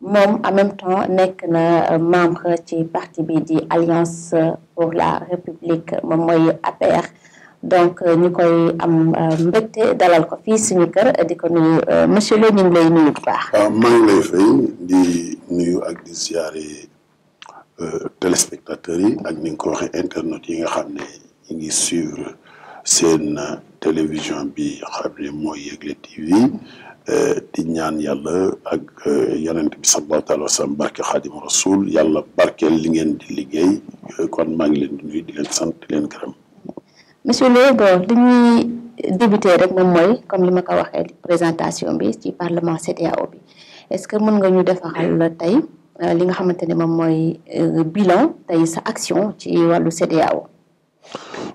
mom en même temps nekk na euh, membre ci parti bi di alliance pour la république mom moy APR donc euh, ñu koy am euh, mbégte dalal ko fi suñu kër diko ko nuyu monsieur Lo ñu lay nuyu bu baax. waaw ah, ngi lay fay di nuyu ak di siyaare téléspectateurs yi ak ni nga ko waxee internet yi nga xamné ne ngi suivre seen télévision bi xam ne mooy Yegle TV. di ñaan yàlla ak yonent bi sallallahu alayhi wa sallam barke xaadimu rasul yàlla barkeel li ngeen di liggéey kon maa ngi leen di nuyu di leen sant di leen gërëm. monsieur Lo bon li ñuy débuté rek moom mooy comme li ma ko waxee présentation bi ci parlement CEDEAO bi est ce que mën nga ñu defaral tey li nga xamante ne moom mooy bilan tey sa action ci wàllu CEDEAO.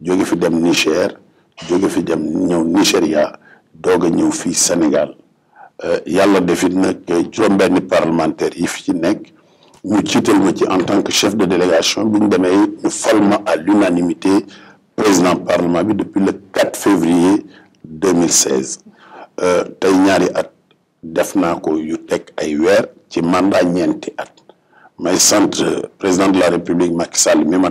jóge fi dem Niger jóge fi dem ñëw Nigeria doga ñew fi senegal Sénégal euh, Yalla defit nag eh, juróom benn parlementaire yi fi ci nekk ñu citel ma ci en tant que chef de délégation bi ñu demee ñu fal ma à l'unanimité président parlement bi depuis le 4 février 2016 euh, tay ñaari at def naa ko yu tek ay weer ci mandat ñenti at may centre euh, président de la république Macky Sall mi ma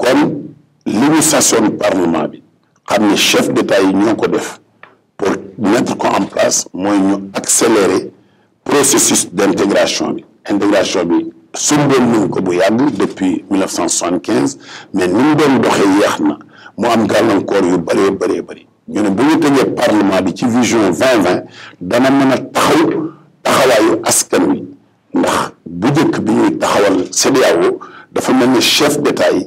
kon li ñu sasoon parlement bi xam chef d'état yi ñoo ko def pour mettre ko en place mooy ñu accélérer processus d'intégration bi intégration bi sumboon nañ ko bu yàgg depuis 1975 mais ni mu doon doxee yeex na mu am gàllankoor yu bëree bëree bëri ñu ne bu ñu tëjee parlement bi ci vision 2020 dana mën a taxaw taxawaayu askan wi ndax bu njëkk bi ñuy taxawal CEDEAO dafa mel ni chef d'état yi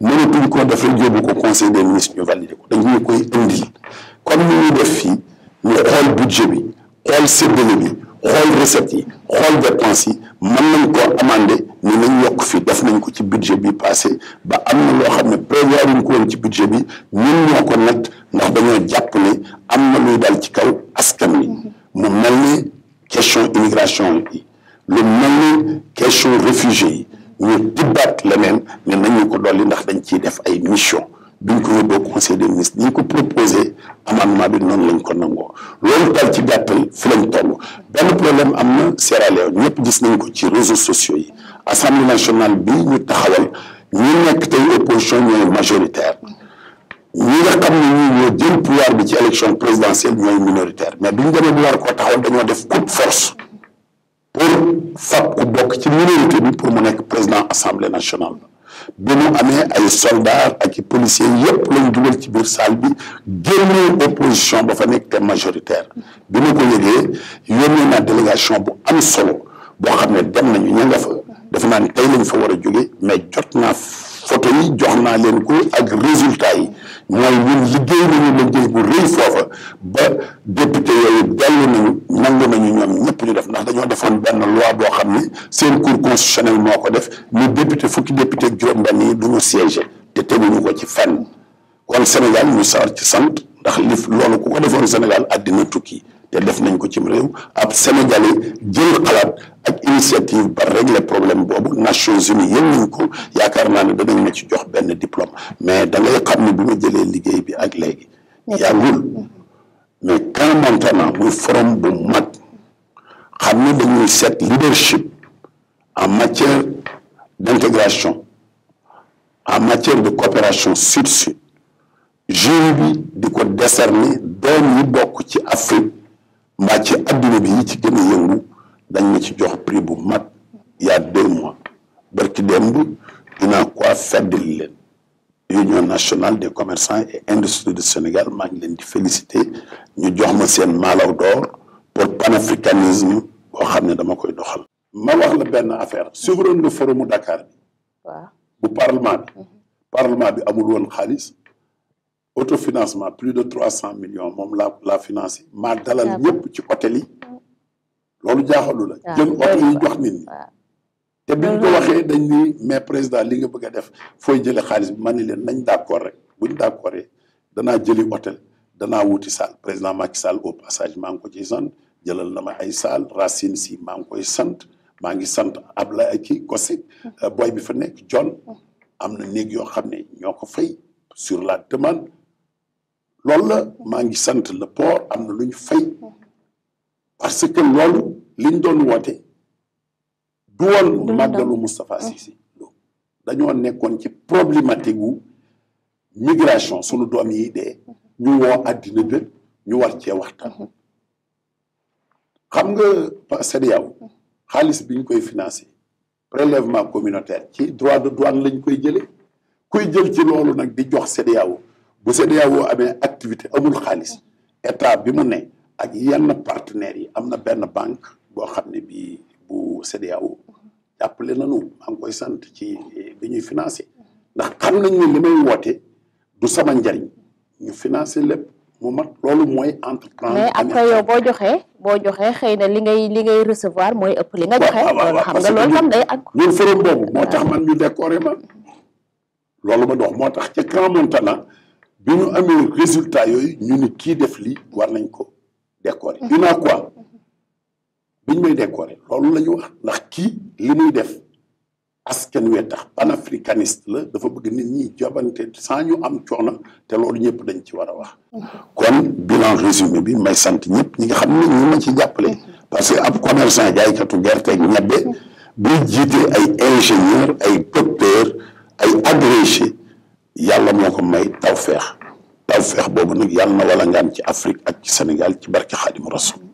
mënatuñ ko def rek ko conseil des ministres ñu validé ko dañu koy comme ñu def fii ñu xool budget bi xool budget, recettes yi dépenses mën nañ ne nañ yokk nous def nañ ko ci budget bi passé ba am na ne prévoir ñu ko woon ci budget bi ñun ñoo ko ndax dañoo jàpp ne am na luy dal ci kaw askan fait. question immigration yi lu question réfugié ñu tibbaat leneen ne nañu ko dolli ndax dañ ciy def ay mission duñ ko yóbboo conseil des ministres ñu ko proposé amendement bi noonu lañ ko nangoo loolu daal ci gàttal fi lañ toll benn problème am na Sierra Leone ñëpp gis nañ ko ci réseaux sociaux yi assemblée nationale bi ñu taxawal ñu nekk tey opposition ñooy majoritaire ñi nga xam ne ñi ñoo jël pouvoir bi ci élection présidentielle ñooy minoritaire mais duñ demee bu war koo taxawal dañoo def coup de force pour fab ku bokk ci minorité bi pour mu nekk président assemblée nationale bi mu amee ay soldats ak i policiers yépp lañ dugal ci biir salle bi génnee opposition ba fa nekk te majoritaire bi ma ko yëgee yónnee naa délégation bu am solo boo xam ne dem nañu ña nga fa dafa naan tey lañ fa war a jóge mais jot naa photo yi jox naa leen ko ak résultat yi mooy ñun liggéey nañu fa ba député yooyu dellu nañu nangu nañu ñoom ñëpp ñu def ndax dañoo defoon benn loi boo xam ni seen cour constitutionnel moo ko def ni député fukki député ak juróom-benn yi du ñu siégé te ñu ko ci fenn kon Sénégal ñu sawar ci sant ndax li loolu ku ko defoon Sénégal addina tukki te def nañ ko cim réew ab Sénégalais jël xalaat ak initiative ba régler problème boobu Nations Unies yëg ko yaakaar naa ne danañ ma ci jox benn diplôme mais da ngay xam ne bi ma liggéey bi ak léegi yàggul Mais come Montana, le forum de MAC. a nous cette leadership en matière d'intégration, en matière de coopération sud-sud. j'ai vu de ko décerner dans les bokk qui Afrique fait ci adduna bi yi ci le a ci prix il y a deux mois barki il n'a quoi de l'aide union nationale des commerçants et industries du Sénégal je vous félicité ñu jox ma d'or pour panafricanisme Je vais vous dama koy doxal. ma wax la benn affaire forum de Dakar bi. parlement bi. Mhm. parlement bi amul de autofinancement plus de 300 millions Je la vous financé un dalal peu ci hôtel yi. Mhm. loolu jaaxalu la un oto jox te bi ko waxee dañ ni mais président li nga bëgg a def fooy jëlee xaalis bi ma ni leen nañ d' accord rek bu ñu d' accordee danaa jëli hôtel danaa wuti salle président Macky Sall au passage maa ngi ko ciy sant jëlal na ma ay salle Racine si maa ngi koy sant maa ngi sant Ablaye kii Kosek euh, boy bi fa nekk John am na néeg yoo xam ne ñoo ko fay sur la demande loolu la maa ngi sant le port am na lu ñu fay parce que loolu liñ doon woote. du woon màggalu Moustapha Cissé dañoo nekkoon ci problématique wu migration sunu doom yi de ñu woo àddina bépp ñu war cee waxtaan mhm. xam nga CEDEAO xaalis biñ koy financé prélèvement communautaire ci droit de douane lañ koy jëlee kuy jël ci loolu nag di jox CEDEAO bu CEDEAO amee activité amul xaalis état bi mu ne ak yenn partenaires yi am na benn banque boo xam ne bii bu CEDEAO jàppale na maa am koy sant ci bi ñuy financé ndax xam nañ ne li may woote du sama njariñ ñu financé lépp mu mat loolu mooy entreprendre. mais après yow boo joxee boo joxee xëy na li ngay li ngay recevoir mooy ëpp li nga joxe. loolu xam nga loolu tam day ak. ñun forum boobu moo tax man ñu décoré ma loolu ma dox moo tax ce Grand Montana bi ñu amee résultat yooyu ñu ni def lii war nañ ko décoré. Mm-hmm. dinaa quoi. biñ may décorer loolu la ñu wax ndax kii li muy def askan wee tax panafricaniste la dafa bëgg nit ñi jabante saa ñu am coono te loolu ñëpp dañ ci war a wax. kon bilan résumé bi may sant ñëpp ñi nga xam ne ñu ma ci jàppale. parce que ab commerçant jaaykatu gerte ak ñebbe buy jiite ay ingénieur ay docteur ay agrégé yàlla moo ko may taw feex taw feex boobu nag yàlla na wala ngaan ci Afrique ak ci Sénégal ci barke Xaadimu Rasuul